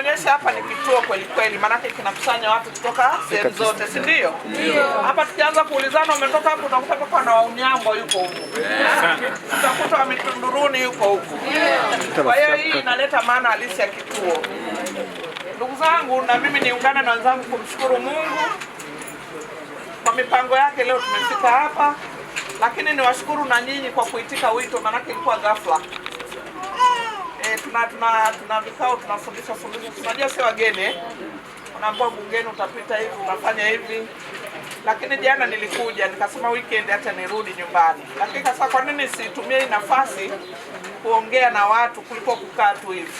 inaonyesha hapa ni kituo kweli kweli, maanake kinakusanya watu kutoka sehemu zote, si ndio? Hapa tukianza kuulizana, umetoka hapo, utakuta mpaka na Waunyambo yuko huko, utakuta wa Mitunduruni yuko huko. Kwa hiyo hii inaleta maana halisi ya kituo. Ndugu zangu, na mimi niungane na wenzangu kumshukuru Mungu kwa mipango yake, leo tumefika hapa, lakini niwashukuru na nyinyi kwa kuitika wito, maanake ilikuwa ghafla tuna tuna tuna vikao tunafundishwa fundisha, tunajua si wageni, unaambiwa bungeni utapita hivi unafanya hivi. Lakini jana nilikuja nikasema weekend hata nirudi nyumbani, lakini sasa kwa nini situmie nafasi kuongea na watu kuliko kukaa tu hivi?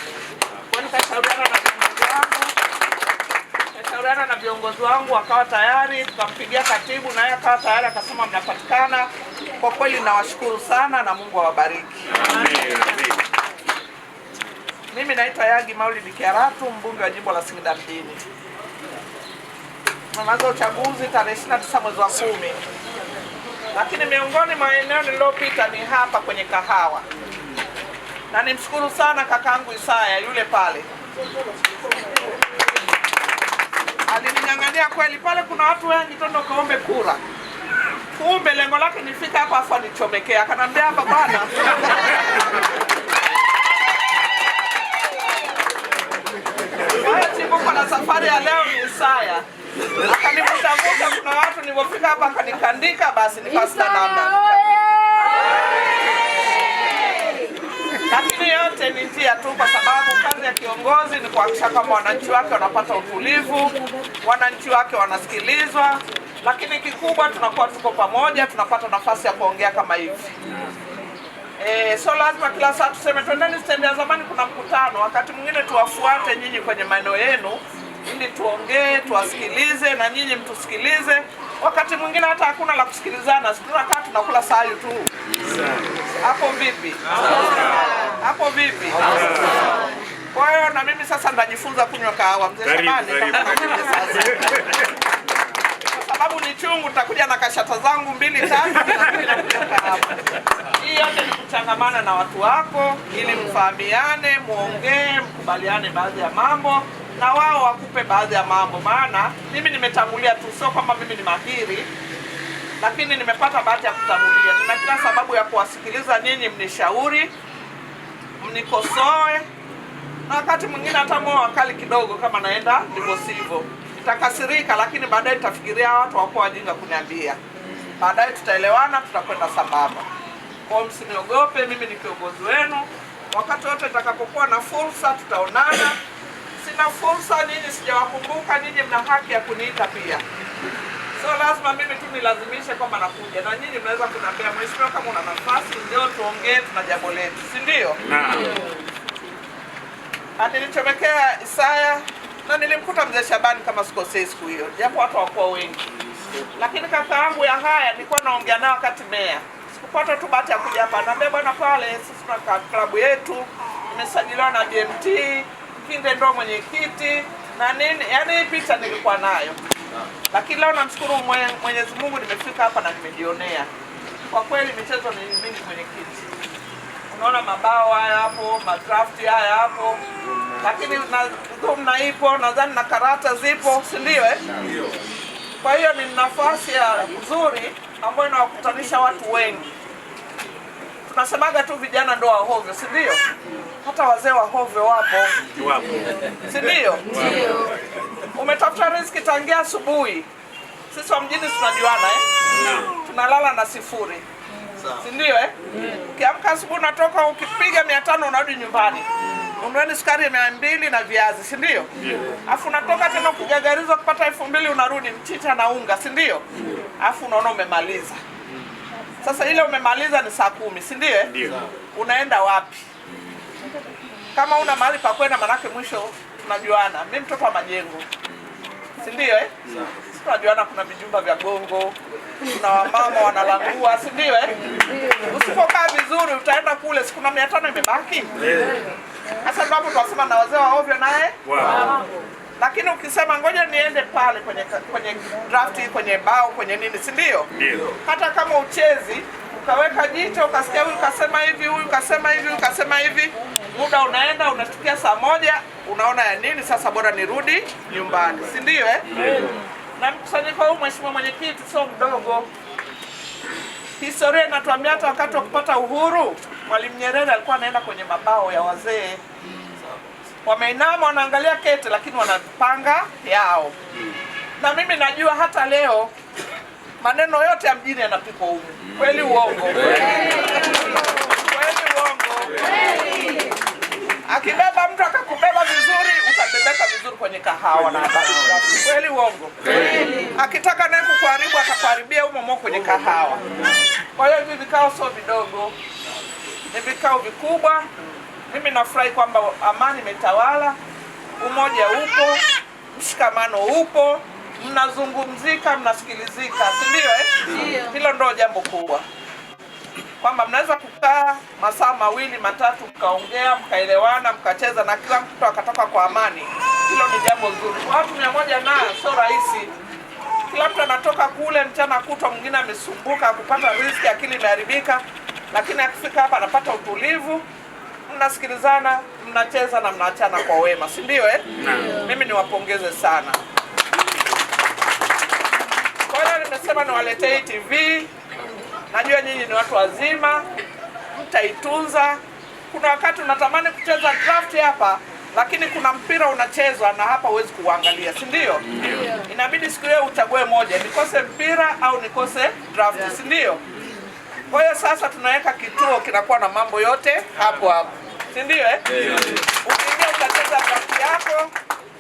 Kwa nini kashauriana na viongozi wangu, kashauriana na viongozi wangu wakawa tayari, tukampigia katibu na yeye akawa tayari, akasema mnapatikana. Kwa kweli nawashukuru sana na Mungu awabariki. Amen. Mimi naitwa Yagi mauli Kyaratu, mbunge wa jimbo la Singida mjini. Tunaanza uchaguzi tarehe 29 mwezi wa kumi, lakini miongoni mwa eneo nililopita ni hapa kwenye kahawa, na nimshukuru sana kakangu Isaya yule pale alinyang'ania kweli. Pale kuna watu wengi tondo, kaombe kura, kumbe lengo lake nifika hapa afu anichomekea, akanambia hapa bwana safari ya leo ni Isaya akanivuta, kuna watu nilipofika hapa akanikandika, basi namba lakini yote ni njia tu, kwa sababu kazi ya kiongozi ni kuhakikisha kwamba wananchi wake wanapata utulivu, wananchi wake wanasikilizwa, lakini kikubwa tunakuwa tuko pamoja, tunapata nafasi ya kuongea kama hivi. Eh, so lazima kila saa tuseme twendeni stendi ya zamani, kuna mkutano. Wakati mwingine tuwafuate nyinyi kwenye maeneo yenu ili tuongee, tuwasikilize na nyinyi mtusikilize. Wakati mwingine hata hakuna la kusikilizana, tunakaa tunakula sali tu. Hapo vipi? Hapo vipi? Kwa hiyo na mimi sasa ndajifunza kunywa kahawa, mzee Shabani, kwa sababu ni chungu. Nitakuja na kashata zangu mbili tatu. Hii yote ni kuchangamana na watu wako, ili mfahamiane, muongee, mkubaliane baadhi ya mambo na wao wakupe baadhi ya mambo, maana mimi nimetangulia tu, sio kwamba mimi ni mahiri, lakini nimepata bahati ya kutangulia. Nina kila sababu ya kuwasikiliza ninyi, mnishauri, mnikosoe, na wakati mwingine hata moyo wakali kidogo, kama naenda ndivyo sivyo, nitakasirika, lakini baadaye nitafikiria watu wakuwa wajinga kuniambia. Baadaye tutaelewana, tutakwenda sambamba. Kwa msiniogope, mimi ni kiongozi wenu. Wakati wote nitakapokuwa na fursa, tutaonana sina fursa nini, sijawakumbuka ninyi, mna haki ya kuniita pia, so lazima mimi tu nilazimishe kwamba nakuja, na nyinyi mnaweza kuniambia mheshimiwa, kama una nafasi ndio tuongee, tuna jambo letu, si ndio? Nilichomekea Isaya na nilimkuta mzee Shabani kama sikosei siku hiyo, japo watu wakuwa wengi, lakini kaka yangu ya haya nilikuwa naongea nao wakati mea sikupata tu bahati ya kuja hapa, naambia bwana, pale sisi tuna klabu yetu imesajiliwa na DMT Kinde ndo mwenyekiti na nini, hii picha nilikuwa nayo, lakini leo namshukuru Mwenyezi Mungu nimefika hapa na nimejionea kwa kweli michezo ni mingi mwenyekiti, unaona mabao haya hapo, madraft haya hapo, lakini na dhumna ipo, nadhani na karata zipo, si ndio eh? Kwa hiyo ni nafasi ya nzuri ambayo inawakutanisha watu wengi tunasemaga tu vijana ndo wahovyo, si ndio? Hata wazee wahovyo wapo, si ndio? Umetafuta riziki tangia asubuhi. Sisi wa mjini tunajuana eh? tunalala na sifuri si ndio eh? Ukiamka asubuhi unatoka ukipiga mia tano unarudi nyumbani unueni sukari mia mbili na viazi si ndio? Alafu unatoka tena ukigagariza kupata elfu mbili unarudi mchicha na unga si ndio? Alafu unaona umemaliza. Sasa ile umemaliza ni saa kumi, si Ndio. Unaenda wapi? Kama una mahali pa kwenda, manake mwisho tunajuana. Mimi mtoto wa majengo, si ndio eh? Tunajuana, kuna vijumba vya Gongo, kuna wamama wanalangua, si ndio eh? Usipokaa vizuri utaenda kule, siku na mia tano imebaki. Sasa ndipo tunasema na wazee wa ovyo naye wow lakini ukisema ngoja niende pale kwenye kwenye draft kwenye bao kwenye nini, si ndio? Hata kama uchezi ukaweka jicho ukasikia huyu kasema hivi, huyu kasema hivi, huyu kasema hivi, muda unaenda unatukia saa moja, unaona ya nini sasa, bora nirudi nyumbani, si ndio eh? Na mkusanyiko huu mheshimiwa mwenyekiti sio mdogo. Historia inatuambia hata wakati wa kupata uhuru Mwalimu Nyerere alikuwa anaenda kwenye mabao ya wazee wameinama wanaangalia kete, lakini wanapanga yao. Na mimi najua hata leo maneno yote ya mjini yanapikwa humu. Kweli uongo? Kweli uongo? Akibeba mtu akakubeba vizuri, utabebeka vizuri kwenye kahawa na habari. Kweli uongo? Akitaka naye kukuharibu atakuharibia humo humo kwenye kahawa. Kwa hiyo hivi vikao sio vidogo, ni vikao vikubwa. Mimi nafurahi kwamba amani imetawala, umoja upo, mshikamano upo, mnazungumzika, mnasikilizika, si ndio eh? Hilo ndio jambo kubwa, kwamba mnaweza kukaa masaa mawili matatu mkaongea, mkaelewana, mkacheza na kila mtu akatoka kwa amani. Hilo ni jambo zuri. Watu mia moja na sio rahisi kila mtu anatoka kule mchana kutwa, mwingine amesumbuka kupata riziki, akili imeharibika, lakini akifika hapa anapata utulivu mnasikilizana, mnacheza na mnaachana kwa wema, si ndio eh? Mimi niwapongeze sana. Kwa hiyo nimesema niwaletee TV. Najua nyinyi ni watu wazima, mtaitunza. Kuna wakati unatamani kucheza draft hapa, lakini kuna mpira unachezwa na hapa huwezi kuangalia, si ndio? Inabidi siku hiyo uchague moja, nikose mpira au nikose draft, si ndio? Kwa hiyo sasa tunaweka kituo kinakuwa na mambo yote hapo hapo, si ndio eh? Ukiingia utacheza kazi yako,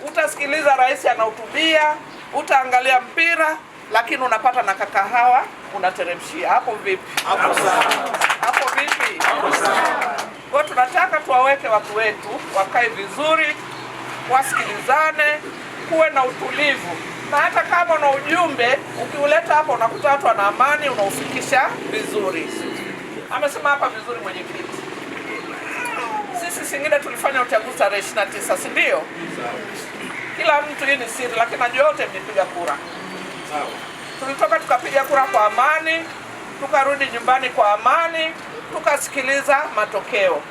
utasikiliza rais anahutubia, utaangalia mpira, lakini unapata na kakahawa unateremshia. Hapo vipi? Hapo sawa. Hapo vipi? Hapo sawa. Kwa tunataka tuwaweke watu wetu wakae vizuri, wasikilizane, kuwe na utulivu na hata kama una ujumbe ukiuleta hapa unakuta watu wana amani, unaufikisha vizuri. Amesema hapa vizuri mwenyekiti. Sisi Singida tulifanya uchaguzi tarehe 29, si ndio? Kila mtu, hii ni siri, lakini najua wote mlipiga kura. Tulitoka tukapiga kura kwa amani, tukarudi nyumbani kwa amani, tukasikiliza matokeo.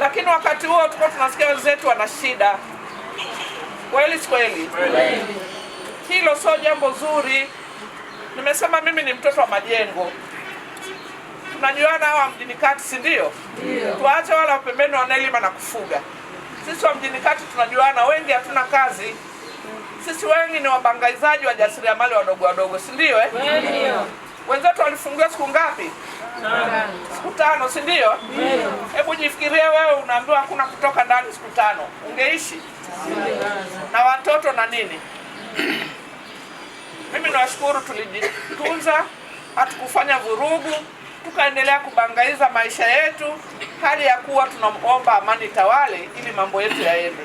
Lakini wakati huo tulikuwa tunasikia wenzetu wana shida, kweli si kweli? hilo sio jambo zuri. Nimesema mimi ni mtoto wa majengo, tunajuana hawa mjini kati, si ndio? Tuache wala wapembeni wanaelima na kufuga. Sisi wa mjini kati tunajuana, wengi hatuna kazi sisi wengi ni wabangaizaji wa jasiriamali wadogo wadogo, si ndio eh? Wenzetu walifungiwa siku ngapi? Siku tano, si ndio? Hebu jifikirie wewe, unaambiwa hakuna kutoka ndani siku tano, ungeishi na watoto na nini? Mimi nawashukuru, tulijitunza, hatukufanya vurugu, tukaendelea kubangaiza maisha yetu, hali ya kuwa tunaomba amani tawale ili mambo yetu yaende.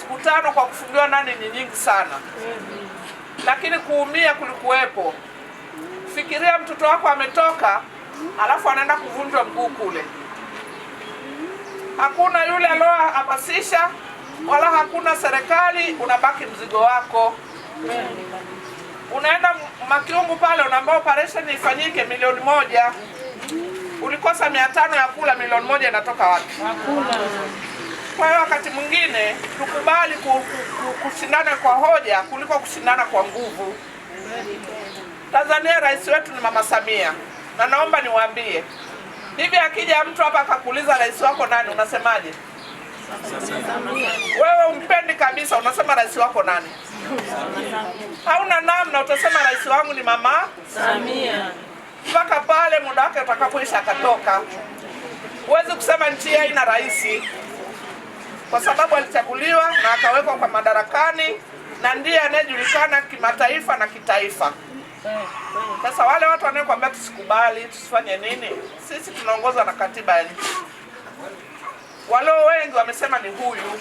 Siku tano kwa kufungiwa nani ni nyingi sana, lakini kuumia kulikuwepo. Fikiria mtoto wako ametoka, alafu anaenda kuvunjwa mguu kule, hakuna yule aliohamasisha wala hakuna serikali, unabaki mzigo wako unaenda makiungu pale unaambia operation ifanyike milioni moja, ulikosa mia tano ya kula, milioni moja inatoka wapi? Kwa hiyo wakati mwingine tukubali kushindana kwa hoja kuliko kushindana kwa nguvu. Tanzania rais wetu ni Mama Samia, na naomba niwaambie hivi, akija mtu hapa akakuuliza rais wako nani, unasemaje? Wewe umpendi kabisa, unasema rais wako nani? Hauna namna, utasema rais wangu ni mama Samia mpaka pale muda wake utakapoisha akatoka. Huwezi kusema nchi haina rais, kwa sababu alichaguliwa na akawekwa kwa madarakani na ndiye anayejulikana kimataifa na kitaifa. Sasa wale watu wanaokuambia tusikubali, tusifanye nini, sisi tunaongozwa na katiba ya nchi walio wengi wamesema ni huyu.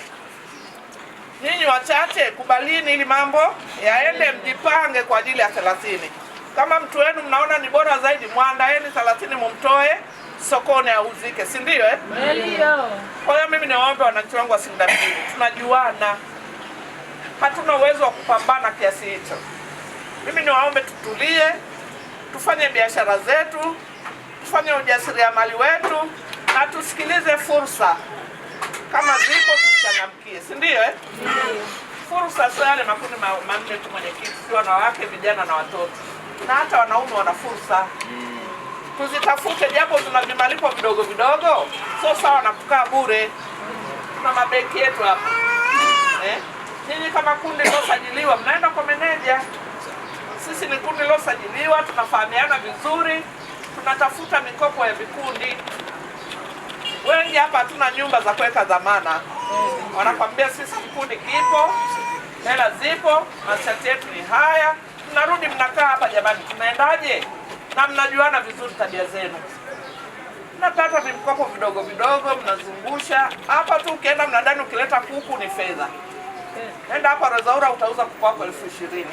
Nyinyi wachache kubalini ili mambo yaende, mjipange kwa ajili ya thelathini. Kama mtu wenu mnaona ni bora zaidi, mwandaeni thelathini, mumtoe sokoni auzike, si ndio eh? Kwa hiyo mimi niwaombe wananchi wangu wa Singida Mjini, tunajuana, hatuna uwezo wa kupambana kiasi hicho. Mimi niwaombe tutulie, tufanye biashara zetu, tufanye ujasiriamali wetu na tusikilize fursa kama zipo tuchangamkie, si ndio eh? Fursa sio yale makundi manne tu, mwenyekiti, si wanawake, vijana na watoto, na hata wanaume wana fursa mm. Tuzitafute, japo tuna vimalipo vidogo vidogo, sio sawa na kukaa bure. Tuna mabenki yetu hapa eh? Nyinyi kama kundi lilosajiliwa mnaenda kwa meneja, sisi ni kundi lilosajiliwa, tunafahamiana vizuri, tunatafuta mikopo ya vikundi Wengi hapa hatuna nyumba za kuweka dhamana, wanakwambia sisi kikundi kipo, hela zipo, masharti yetu ni haya. Mnarudi mnakaa hapa, jamani, tunaendaje? Na mnajuana vizuri tabia zenu, mnapata vimkopo vidogo vidogo, mnazungusha hapa tu. Ukienda mnadani, ukileta kuku ni fedha. Nenda hapa Rwezaura, utauza kuku wako elfu ishirini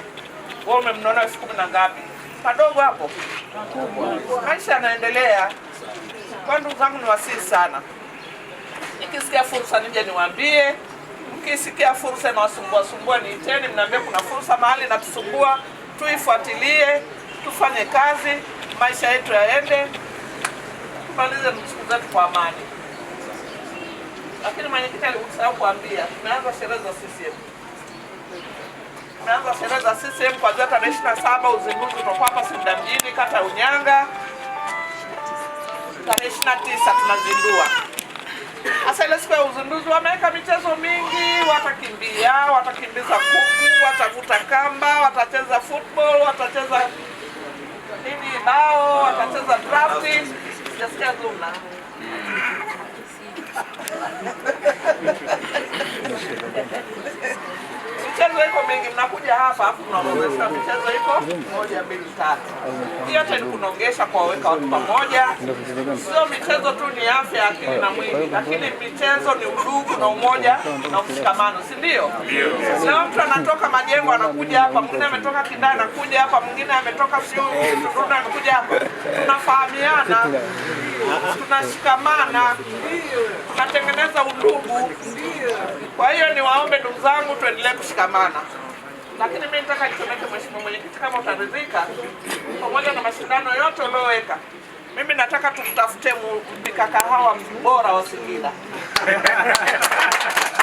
wewe umemnona elfu kumi na ngapi? Padogo hapo, maisha yanaendelea. Kwa ndugu zangu, ni wasihi sana, nikisikia fursa nije niwaambie. Mkisikia fursa inawasumbua sumbua, niiteni, mnaambia kuna fursa mahali inatusumbua, tuifuatilie, tufanye kazi, maisha yetu yaende, tumalize siku zetu kwa amani. Lakini mwenyekiti alikusahau kuambia, tumeanza sherehe za CCM tumeanza sherehe za CCM kwa jua tarehe 27 uzinduzi utakuwa hapa Singida mjini, kata ya Unyanga tarehe 29 tunazindua. Sasa ile siku ya uzinduzi wameweka michezo mingi, watakimbia, watakimbiza kuku, watavuta kamba, watacheza football, watacheza nini bao, watacheza drafti. Sijasikia zuna michezo iko mingi, mnakuja hapa afu mnaonesha michezo iko moja mbili tatu. Yote ni kunaongesha kwa weka watu pamoja. Sio michezo tu ni afya akili na mwili, lakini michezo ni udugu na umoja na mshikamano, si ndio? Leo mtu anatoka majengo anakuja hapa, mwingine ametoka Kindai anakuja hapa, mwingine ametoka sio anakuja hapa, tunafahamiana tunashikamana, tunatengeneza udugu Kwa hiyo niwaombe ndugu zangu, tuendelee kushikamana lakini mimi nataka nisemeke, mheshimiwa mwenyekiti, kama utaridhika, pamoja na mashindano yote ulioweka, mimi nataka tumtafute mpika kahawa bora wa Singida.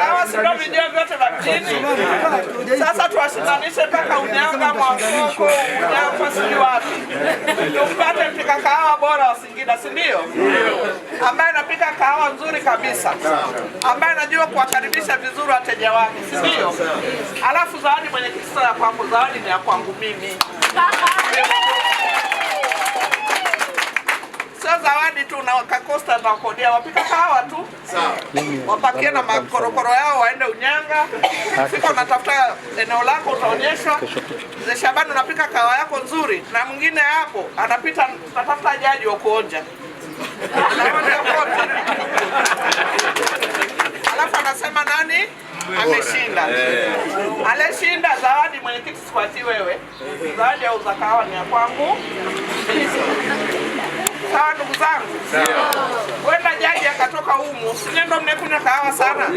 hawa sindo vijio vyote vya mjini. Sasa tuwashindanishe mpaka Unyanga, mwasoko Unyanga sijui wapi, tupate mpika kahawa bora wa Singida, si ndio? ambaye anapika kahawa nzuri kabisa, ambaye anajua kuwakaribisha vizuri wateja wake, si ndio? Alafu zawadi, mwenyekiti, sio ya kwangu, zawadi ni ya kwangu mimi. Sio zawadi tu na wakakosta na wakodia wapika kawa tu. Wapakie na makorokoro yao waende Unyanga. Fika ah, unatafuta eneo lako utaonyeshwa. Mzee Shabani unapika kahawa yako nzuri na mwingine hapo anapita tutatafuta jaji wa kuonja. Alafu anasema nani? Ameshinda. Eh. Aleshinda zawadi mwenyekiti, sikwati wewe. Zawadi au zakawa ni ya kwangu. Sawa ndugu zangu, wenda jaji akatoka humu sinendo, mnekunywa kahawa sana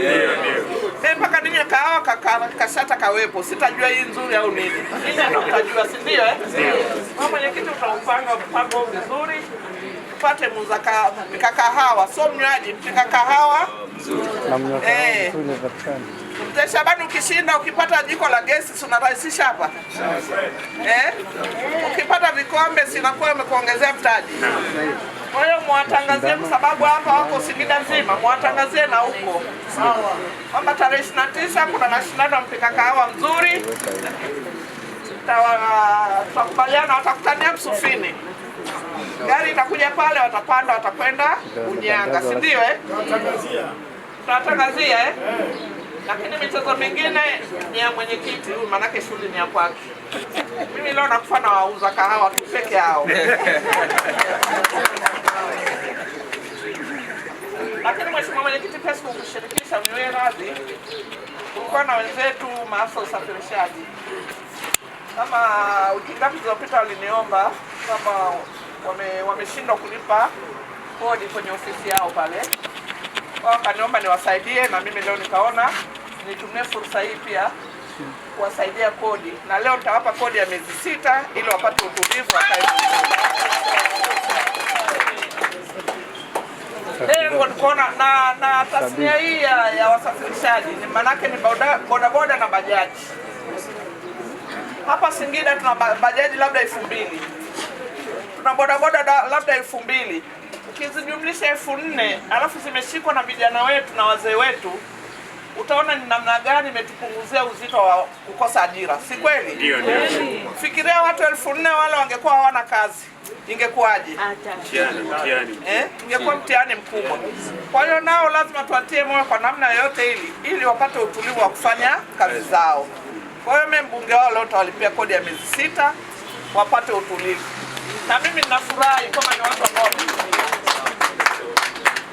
mpaka ninywe kahawa kashata kawepo, sitajua hii nzuri au nini. ndio mtajua, si ndio? Eh, mwenyekiti utaupanga mpango vizuri pate muzaka kahawa, so mnywaji mtika kahawa eh. Mzee Shabani, ukishinda ukipata jiko la gesi unarahisisha hapa eh? Ukipata vikombe sinakuwa umekuongezea mtaji. Kwa hiyo mwatangazie, kwa sababu hapa wako Singida nzima, mwatangazie na huko sawa, kwamba tarehe ishirini na tisa kuna mashindano ya mpika kahawa mzuri, tutakubaliana watakutania Msufini gari itakuja pale, watapanda watakwenda Unyanga, si ndio eh? Tunatangazia eh? lakini michezo mingine ni ya mwenyekiti huyu, maanake shughuli ni ya kwake. Mimi leo nakufa na wauza kahawa tu peke yao lakini mheshimiwa mwenyekiti, pesa kukushirikisha mniwe radhi, kulikuwa na wenzetu maafisa usafirishaji kama wiki ngapi zilizopita waliniomba kama wameshindwa wame kulipa kodi kwenye ofisi yao pale wakaniomba niwasaidie na mimi leo nikaona nitumie fursa hii pia kuwasaidia kodi, na leo nitawapa kodi ya miezi sita ili wapate utulivu Lengo ni kuona na, na tasnia hii ya, ya wasafirishaji ni maanake ni bodaboda na bajaji. Hapa Singida tuna bajaji labda elfu mbili tuna bodaboda labda elfu mbili kizijumlisha elfu nne alafu zimeshikwa na vijana wetu na wazee wetu, utaona ni namna gani imetupunguzia uzito wa kukosa ajira, si kweli? Ndio, ndio. Fikiria watu elfu nne wale wangekuwa hawana kazi, ingekuwaje? Eh, ingekuwa mtihani mkubwa. Kwa hiyo nao lazima tuwatie moyo kwa namna yoyote ili ili wapate utulivu wa kufanya kazi zao. Kwa hiyo mimi mbunge wao leo tawalipia kodi ya miezi sita wapate utulivu, na mimi ninafurahi kama ni watu ambao